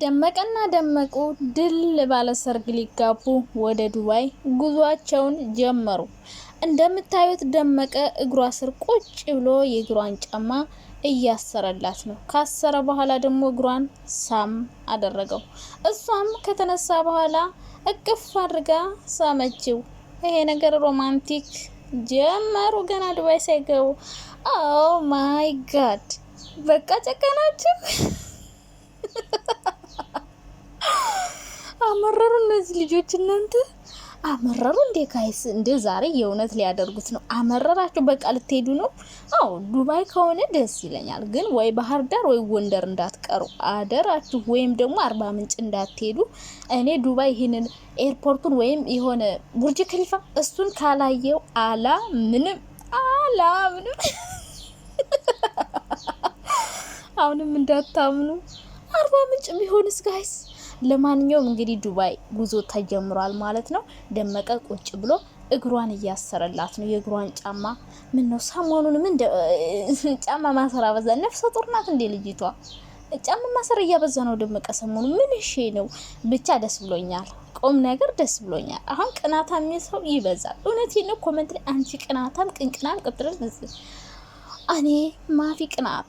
ደመቀና ደመቁ ድል ባለ ሰርግ ሊጋቡ ወደ ዱባይ ጉዟቸውን ጀመሩ። እንደምታዩት ደመቀ እግሯ ስር ቁጭ ብሎ የእግሯን ጫማ እያሰረላት ነው። ካሰረ በኋላ ደግሞ እግሯን ሳም አደረገው። እሷም ከተነሳ በኋላ እቅፍ አድርጋ ሳመችው። ይሄ ነገር ሮማንቲክ ጀመሩ ገና ዱባይ ሳይገቡ። ኦ ማይ ጋድ በቃ ጨቀናችሁ። አመረሩ እነዚህ ልጆች እናንተ አመረሩ እንዴ ካይስ እንዴ ዛሬ የእውነት ሊያደርጉት ነው አመረራቸው በቃ ልትሄዱ ነው አዎ ዱባይ ከሆነ ደስ ይለኛል ግን ወይ ባህር ዳር ወይ ጎንደር እንዳትቀሩ አደራችሁ ወይም ደግሞ አርባ ምንጭ እንዳትሄዱ እኔ ዱባይ ይህንን ኤርፖርቱን ወይም የሆነ ቡርጅ ክሊፋ እሱን ካላየው አላ ምንም አላ ምንም አሁንም እንዳታምኑ አርባ ምንጭ ቢሆንስ ጋይስ ለማንኛውም እንግዲህ ዱባይ ጉዞ ተጀምሯል ማለት ነው። ደመቀ ቁጭ ብሎ እግሯን እያሰረላት ነው። የእግሯን ጫማ ምን ነው ሰሞኑን ምን ጫማ ማሰራ በዛ። ነፍሰ ጡር ናት እንዴ ልጅቷ? ጫማ ማሰር እያበዛ ነው ደመቀ ሰሞኑ። ምን እሺ ነው ብቻ ደስ ብሎኛል። ቆም ነገር ደስ ብሎኛል። አሁን የሚል ሰው ይበዛል። እውነቴን ነው። ኮመንት ላይ አንቺ ቅናታም ቅንቅናም ቅጥር እኔ ማፊ ቅናት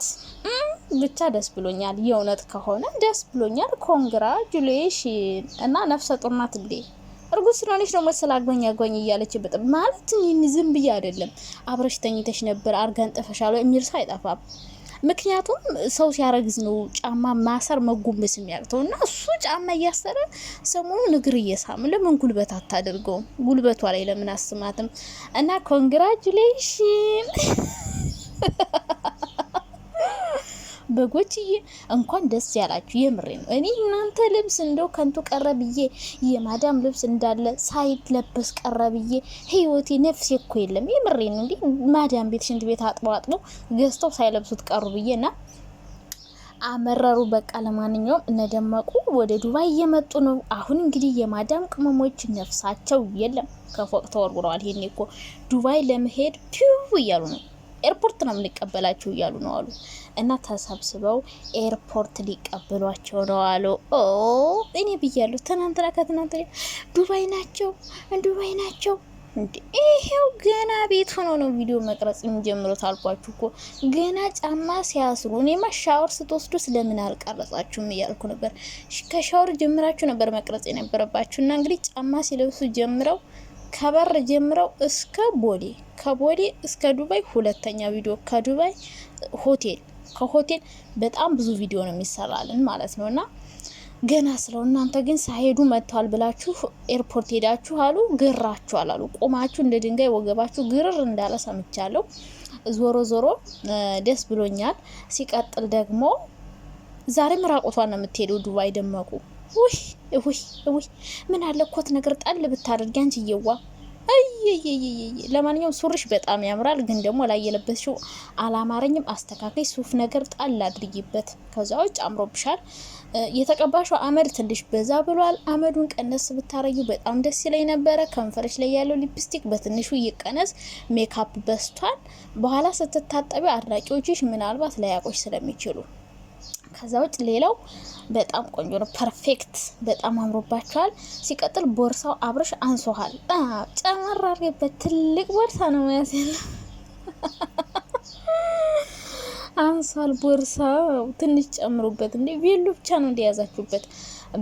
ብቻ ደስ ብሎኛል። የእውነት ከሆነ ደስ ብሎኛል። ኮንግራጁሌሽን እና ነፍሰ ጡር ናት እንዴ? እርጉዝ ስለሆነች ደግሞ ስላጎኝ አጎኝ እያለች በጣም ማለት ይህን ዝም ብዬ አይደለም። አብረሽ ተኝተሽ ነበር አርገን ጥፈሻል የሚል ሰው አይጠፋም። ምክንያቱም ሰው ሲያረግዝ ነው ጫማ ማሰር መጎንበስ የሚያቅተው እና እሱ ጫማ እያሰረ ሰሞኑን እግር እየሳም ለምን ጉልበት አታደርገውም? ጉልበቷ ላይ ለምን አስማትም? እና ኮንግራጁሌሽን በጎችዬ እንኳን ደስ ያላችሁ። የምሬ ነው። እኔ እናንተ ልብስ እንደው ከንቱ ቀረ ብዬ የማዳም ልብስ እንዳለ ሳይለበስ ቀረ ብዬ ህይወቴ ነፍሴ እኮ የለም። የምሬ ነው። እንዲህ ማዳም ቤት ሽንት ቤት አጥበው አጥበው ገዝተው ሳይለብሱት ቀሩ ብዬ ና አመረሩ በቃ። ለማንኛውም እነደመቁ ወደ ዱባይ እየመጡ ነው። አሁን እንግዲህ የማዳም ቅመሞች ነፍሳቸው የለም ከፎቅ ተወርውረዋል። ይሄኔ እኮ ዱባይ ለመሄድ ፒው እያሉ ነው። ኤርፖርት ነው የምንቀበላችሁ እያሉ ነው አሉ እና ተሰብስበው ኤርፖርት ሊቀበሏቸው ነው አሉ። ኦ እኔ ብያለሁ ትናንትና ከትናንት ዱባይ ናቸው ዱባይ ናቸው። ይሄው ገና ቤት ሆኖ ነው ቪዲዮ መቅረጽ የሚጀምሩት። አልኳችሁ እኮ ገና ጫማ ሲያስሩ። እኔማ ሻወር ስትወስዱ ስለምን አልቀረጻችሁም እያልኩ ነበር። ከሻወር ጀምራችሁ ነበር መቅረጽ የነበረባችሁ እና እንግዲህ ጫማ ሲለብሱ ጀምረው ከበር ጀምረው እስከ ቦሌ ከቦሌ እስከ ዱባይ ሁለተኛ ቪዲዮ ከዱባይ ሆቴል ከሆቴል በጣም ብዙ ቪዲዮ ነው የሚሰራልን ማለት ነው እና ገና ስለው እናንተ ግን ሳይሄዱ መጥተዋል ብላችሁ ኤርፖርት ሄዳችሁ አሉ ግራችኋል አሉ ቆማችሁ እንደ ድንጋይ ወገባችሁ ግርር እንዳለ ሰምቻለሁ። ዞሮ ዞሮ ደስ ብሎኛል። ሲቀጥል ደግሞ ዛሬም ራቁቷን ነው የምትሄደው ዱባይ ደመቁ ውይ ውይ ውይ ምን አለ ኮት ነገር ጣል ብታደርጊ አንቺ እየዋ ለማንኛውም ሱሪሽ በጣም ያምራል፣ ግን ደግሞ ላይ የለበስሽው አላማረኝም። አስተካካይ ሱፍ ነገር ጣል አድርጊበት። ከዛ ውጭ አምሮብሻል። የተቀባሽው አመድ ትንሽ በዛ ብሏል። አመዱን ቀነስ ብታረዩ በጣም ደስ ይለኝ ነበረ። ከንፈርሽ ላይ ያለው ሊፕስቲክ በትንሹ ይቀነስ። ሜካፕ በስቷል። በኋላ ስትታጠቢ አድናቂዎችሽ ምናልባት ላያቆች ስለሚችሉ ከዛ ውጭ ሌላው በጣም ቆንጆ ነው። ፐርፌክት በጣም አምሮባቸዋል። ሲቀጥል ቦርሳው አብረሽ አንሶሃል። ጨመር አርገበት ትልቅ ቦርሳ ነው መያዝ ያለ አንሷል። ቦርሳ ትንሽ ጨምሩበት። እንዲ ቬሎ ብቻ ነው እንደያዛችሁበት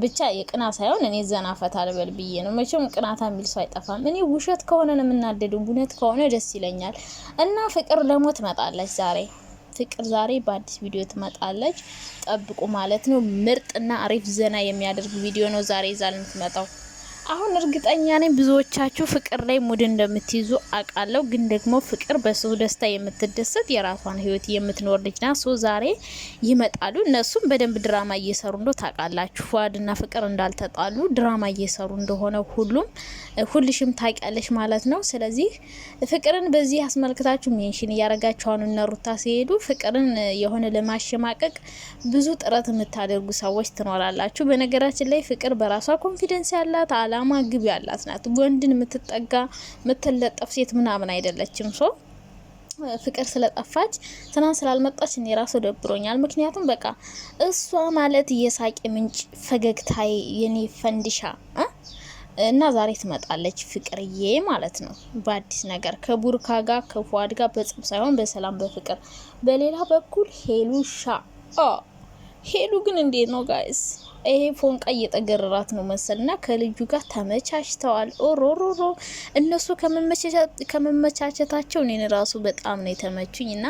ብቻ የቅናት ሳይሆን እኔ ዘና ፈታ ልበል ብዬ ነው። መቼም ቅናታ የሚል ሰው አይጠፋም። እኔ ውሸት ከሆነ ነው የምናደደው፣ እውነት ከሆነ ደስ ይለኛል። እና ፍቅር ለሞት መጣለች ዛሬ ፍቅር ዛሬ በአዲስ ቪዲዮ ትመጣለች። ጠብቁ ማለት ነው። ምርጥና አሪፍ ዘና የሚያደርግ ቪዲዮ ነው ዛሬ ይዛል የምትመጣው። አሁን እርግጠኛ ነኝ ብዙዎቻችሁ ፍቅር ላይ ሙድ እንደምትይዙ አውቃለሁ። ግን ደግሞ ፍቅር በሰው ደስታ የምትደሰት የራሷን ህይወት የምትኖር ልጅ ናት። ሶ ዛሬ ይመጣሉ። እነሱም በደንብ ድራማ እየሰሩ እንደ ታውቃላችሁ። ፏድና ፍቅር እንዳልተጣሉ ድራማ እየሰሩ እንደሆነ ሁሉም ሁልሽም ታውቂያለሽ ማለት ነው። ስለዚህ ፍቅርን በዚህ አስመልክታችሁ ሜንሽን እያደረጋችሁ አሁን ሲሄዱ ፍቅርን የሆነ ለማሸማቀቅ ብዙ ጥረት የምታደርጉ ሰዎች ትኖራላችሁ። በነገራችን ላይ ፍቅር በራሷ ኮንፊደንስ ያላት አላ አላማ ግብ ያላት ናት። ወንድን የምትጠጋ የምትለጠፍ ሴት ምናምን አይደለችም። ሶ ፍቅር ስለጠፋች ትናንት ስላልመጣች እኔ ራሱ ደብሮኛል። ምክንያቱም በቃ እሷ ማለት የሳቄ ምንጭ ፈገግታዬ፣ የኔ ፈንዲሻ እና ዛሬ ትመጣለች ፍቅርዬ ማለት ነው። በአዲስ ነገር ከቡርካ ጋር ከፏድ ጋር በጽም ሳይሆን በሰላም በፍቅር። በሌላ በኩል ሄሉ ሻ ሄሉ ግን እንዴት ነው ጋይስ? ይሄ ፎንቃ እየጠገረራት ነው መሰል እና ከልጁ ጋር ተመቻችተዋል። ኦሮሮሮ እነሱ ከመመቻቸታቸው እኔን ራሱ በጣም ነው የተመቹኝ። እና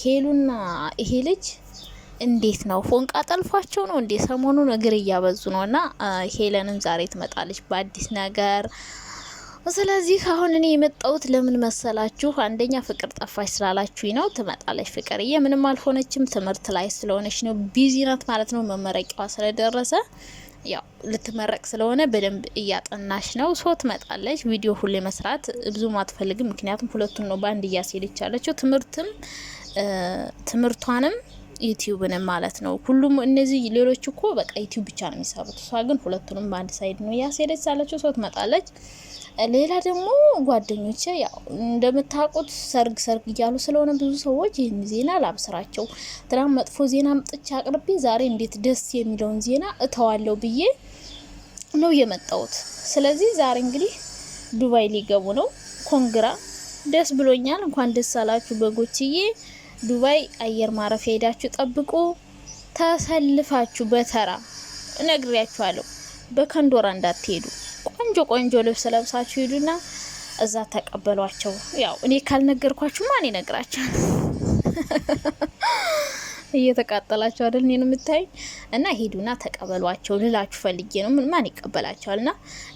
ሄሉና ይሄ ልጅ እንዴት ነው ፎንቃ ጠልፏቸው ነው እንዴ? ሰሞኑን እግር እያበዙ ነው። እና ሄለንም ዛሬ ትመጣለች በአዲስ ነገር ስለዚህ አሁን እኔ የመጣሁት ለምን መሰላችሁ? አንደኛ ፍቅር ጠፋች ስላላችሁ ነው። ትመጣለች ፍቅርዬ፣ ምንም አልሆነችም። ትምህርት ላይ ስለሆነች ነው፣ ቢዚ ናት ማለት ነው። መመረቂያዋ ስለደረሰ ያው ልትመረቅ ስለሆነ በደንብ እያጠናች ነው። ሶ ትመጣለች። ቪዲዮ ሁሌ መስራት ብዙ አትፈልግም፣ ምክንያቱም ሁለቱን ነው በአንድ እያስሄደች ያለችው፣ ትምህርትም ትምህርቷንም ዩቲዩብንም ማለት ነው። ሁሉም እነዚህ ሌሎች እኮ በቃ ዩቲዩብ ብቻ ነው የሚሰሩት። እሷ ግን ሁለቱንም በአንድ ሳይድ ነው እያስሄደች ሳለችው ሶ ትመጣለች። ሌላ ደግሞ ጓደኞቼ ያው እንደምታውቁት ሰርግ ሰርግ እያሉ ስለሆነ ብዙ ሰዎች ይህን ዜና ላብስራቸው፣ ትናንት መጥፎ ዜና አምጥቼ አቅርቤ ዛሬ እንዴት ደስ የሚለውን ዜና እተዋለሁ ብዬ ነው የመጣሁት። ስለዚህ ዛሬ እንግዲህ ዱባይ ሊገቡ ነው። ኮንግራ፣ ደስ ብሎኛል። እንኳን ደስ አላችሁ በጎችዬ። ዱባይ አየር ማረፊያ ሄዳችሁ ጠብቁ፣ ተሰልፋችሁ በተራ እነግሬያችኋለሁ። በከንዶራ እንዳትሄዱ። ቆንጆ ቆንጆ ልብስ ለብሳችሁ ሂዱና እዛ ተቀበሏቸው። ያው እኔ ካልነገርኳችሁ ማን ይነግራችኋል? እየተቃጠላችሁ አይደል እኔን የምታዩኝ? እና ሂዱና ተቀበሏቸው ልላችሁ ፈልጌ ነው። ማን ይቀበላቸዋል? እና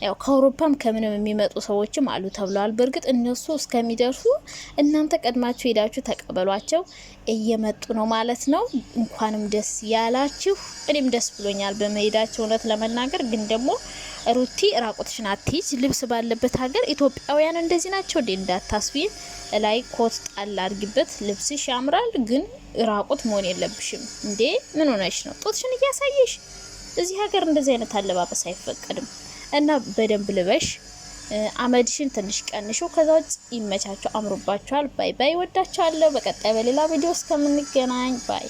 ያው ከአውሮፓም ከምንም የሚመጡ ሰዎችም አሉ ተብለዋል። በእርግጥ እነሱ እስከሚደርሱ እናንተ ቀድማችሁ ሄዳችሁ ተቀበሏቸው። እየመጡ ነው ማለት ነው። እንኳንም ደስ ያላችሁ። እኔም ደስ ብሎኛል በመሄዳቸው እውነት ለመናገር ግን ደግሞ ሩቲ ራቁትሽን አትሂጅ። ልብስ ባለበት ሀገር ኢትዮጵያውያን እንደዚህ ናቸው እንዴ እንዳታስቢን ላይ ኮት ጣል አድርጊበት። ልብስሽ ያምራል፣ ግን ራቁት መሆን የለብሽም እንዴ። ምን ሆነሽ ነው? ጡትሽን እያሳየሽ። እዚህ ሀገር እንደዚህ አይነት አለባበስ አይፈቀድም እና በደንብ ልበሽ። አመድሽን ትንሽ ቀንሾ፣ ከዛ ውጭ ይመቻቸው፣ አምሮባቸዋል። ባይ ባይ። ወዳቸዋለሁ። በቀጣይ በሌላ ቪዲዮ እስከምንገናኝ ባይ